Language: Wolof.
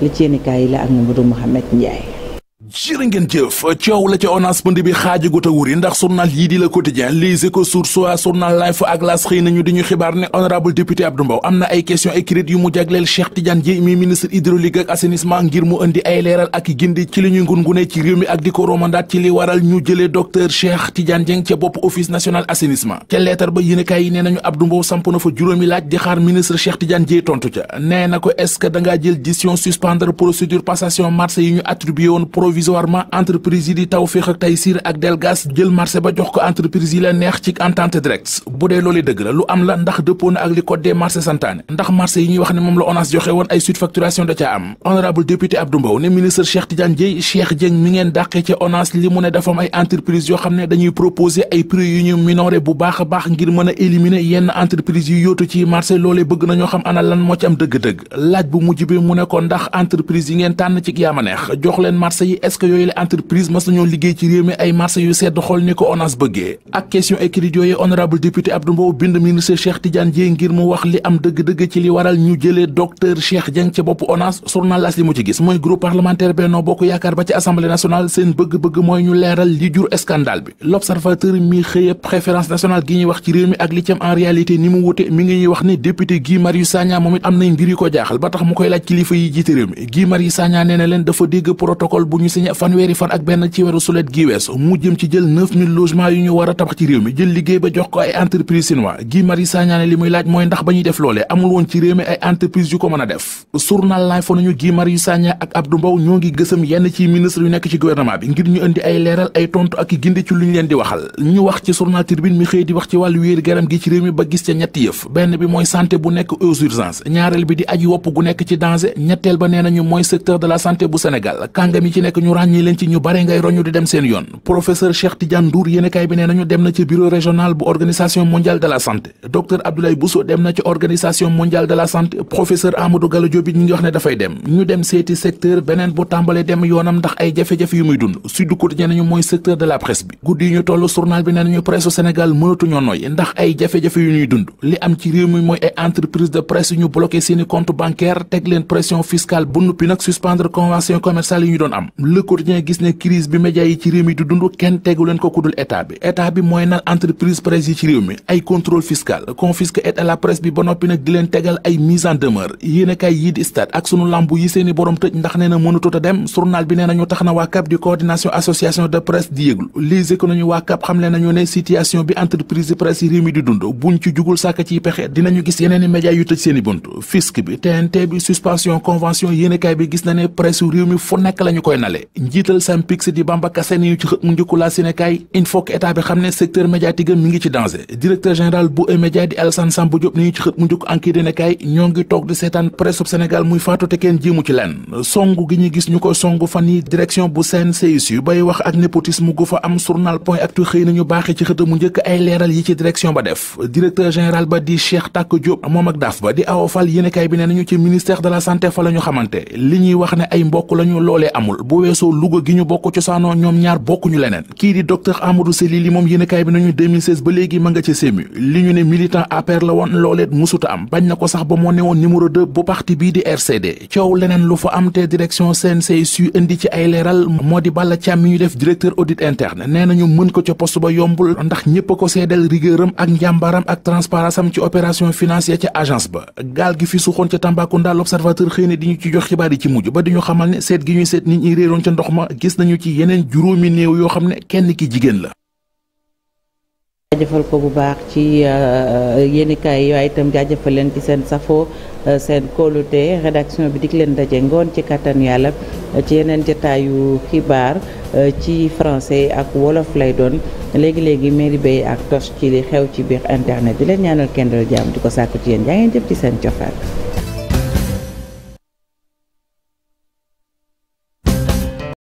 li ci yéenekaay yi la ak Mamadou Mouhamed Ndiaye. jërë ngeen jëf coow la ca ONAS pënd bi xaajagut a wuri ndax journal yii di la quotidien Les Échos Source A journal Life ak L'As xëy nañu di ñu xibaar ne honorable député Abdou am na ay questions écrites yu mu jagleel Cheikh Tidiane Dièye mi ministre hydraulique ak ngir mu indi ay leeral ak gindi ci li ñuy ngungune ci réew mi ak di ko romandaat ci li waral ñu jëlee docteur Cheikh Tidiane Dieng ca bopp office national assainissement ca leetar ba yéenekaay ce que provisoirement entreprise yi di Tawfekh ak Taysiir ak Delgas jël marché ba jox ko entreprise yi la neex ci entente directe bu dee loolu dëgg la lu am la ndax dëppoo ak li code des santaane ndax marché yi ñuy wax ne moom la ONAS joxe woon ay surfacturation da caa am honorable député Abdou Mbow ne ministre Cheikh Tidiane Dièye Cheikh Dieng mi ngeen dàqee ca ONAS li mu ne dafa ay entreprise yoo xam ne dañuy proposer ay prix yu ñu minoré bu baax a baax ngir mën a éliminer yenn na ñoo xam ana lan moo ci am dëgg-dëgg est-ce que yooyu la entreprise mas nañoo liggéey ci réew mi ay marché yu sedd xol ni ko ONAS bëggee ak question écrite yooyu honorable député Abdou Mbow bind ministre Cheikh Tidiane Dièye ngir mu wax li am dëgg-dëgg ci li waral ñu jëlee docteur Cheikh Dieng ca bopp ONAS journal L'As li mu ci gis mooy groupe parlementaire Benno Bokk Yaakaar ba ci assemblée nationale seen bëgg-bëgg mooy ñu leeral li jur scandale bi l'observateur mi xëye préférence nationale gi signé fanweeri fan ak benn ci weeru sulet gi mu jëm ci jël 9000 yu ñu war a tabax ci réew mi jël liggéey ba jox ko ay entreprise chinois Guy Marius Sagna ne li muy laaj mooy ndax ba ñuy def loolee amul woon ci réew mi ay entreprise yu ko mën a def journal laay fa nañu Guy Marius Sagna ak Abdou Mbow ñoo ngi gësam yenn ci ministre yu nekk ci gouvernement bi ngir ñu indi ay leeral ay tontu ak gindi ci lu ñu leen di waxal ñu wax ci journal Tribune mi wax ci wàllu wéer garam gi ci réew mi ba gis ca ñetti yëf benn bi mooy santé bu nekk aux urgences ba nee nañu mooy secteur de la santé bu Sénégal kàngam yi ci ñu ràññi leen ci ñu bare ngay roñu di dem seen yoon professeur Cheikh Tidiane Ndour yéenekaay bi nee nañu dem na ci bureau régional bu organisation mondiale de la santé docteur Abdoulaye Bousso dem na ci organisation mondiale de la santé professeur Amadou Gallo Diop ngi wax ne dafay dem ñu dem seeti secteur beneen bu tàmbalee dem yoonam ndax ay jafe-jafe yu muy dund Sud Quotidien nañu mooy secteur de la presse bi guddi yu ñu toll journal bi nee nañu le quotidien gis ne crise bi média yi ci réew mi di dund kenn tegu ko kudul état bi état bi mooy naan entreprise presse yi ci réew mi ay contrôle fiscal confisque aide bi ba noppi nag di leen tegal ay mise en demeure yéen a di stade ak sunu lambu yi seeni borom tëj ndax nee na mënatut a dem journal bi nee nañu tax na waa CAP di coordination association de presse di yëglu les éco nañu waa nañu ne situation bi entreprise presse yi réew mi di dund buñ ci jugul sàkk ciy gis yeneen i média yu tëj seeni bunt fisc bi TNT bi suspension convention yéen a bi gis na ne mi fu nekk koy nale njiital Synpics di Bamba Kassé ñu ci xët mu njëkku laa Sénégal il faut que état bi xam ne secteur médiatique mi ci danger directeur général bu E-Média di Alassane Samba Diop ni ñu ci xët mu njëkku enquête ne kay ñoo ngi toog di seetaan presse bu Sénégal muy faatu te kenn jéemu ci leen song gi ñu gis ñu ko song fan yi direction bu CNCIS bay wax ak népotisme gu fa am journal point actu xëy nañu baaxee ci xët mu njëkk ay leeral yi ci direction ba def directeur général ba di Cheikh Tàkk Diop moom ak daaf ba di awofal yéenekaay li ñuy wax ne ay mbokk weesoo Louga gi ñu bokk cosaanoo ñoom ñaar bokkuñu leneen kii di docteur Amadou Sely li moom yéenekaay bi nañu 2016 ba léegi ma nga ca sému li ñu ne militant APR la woon looleet musuta am bañ na ko sax ba moo ne woon numéro 2 bu parti bii di RCD coow leneen lu fa am te direction CNCSU indi ci ay leeral moo di bala Thiam mi ñu def directeur audit interne nee nañu mën ko ca poste ba yombul ndax ñépp ko seedeel rigueuram ak njàmbaram ak transparence ci opération financière ca agence ba gaal gi fi suxoon ca Tambacounda l'observateur xëy na ñu ci jox xibaar yi ci mujj ba di ñu xamal ne seet ca ndox ma gis nañu ci yeneen juróomi néew yoo xam ne kenn ki jigéen la. jaajëfal ko bu baax ci euh, yéenekaay yi waaye itam jaajëfal leen ci seen safoo euh, seen kóolute rédaction bi dik leen daje ngoon ci kàttan yàlla euh, ci yeneen jotaayu xibaar ci français ak wolof lay doon léegi léegi mairie bay ak tos ci li xew ci biir internet bi leen ñaanal kenn dal jàmm di ko sàkku ci yéen yaa ngeen jëf ci seen cofaat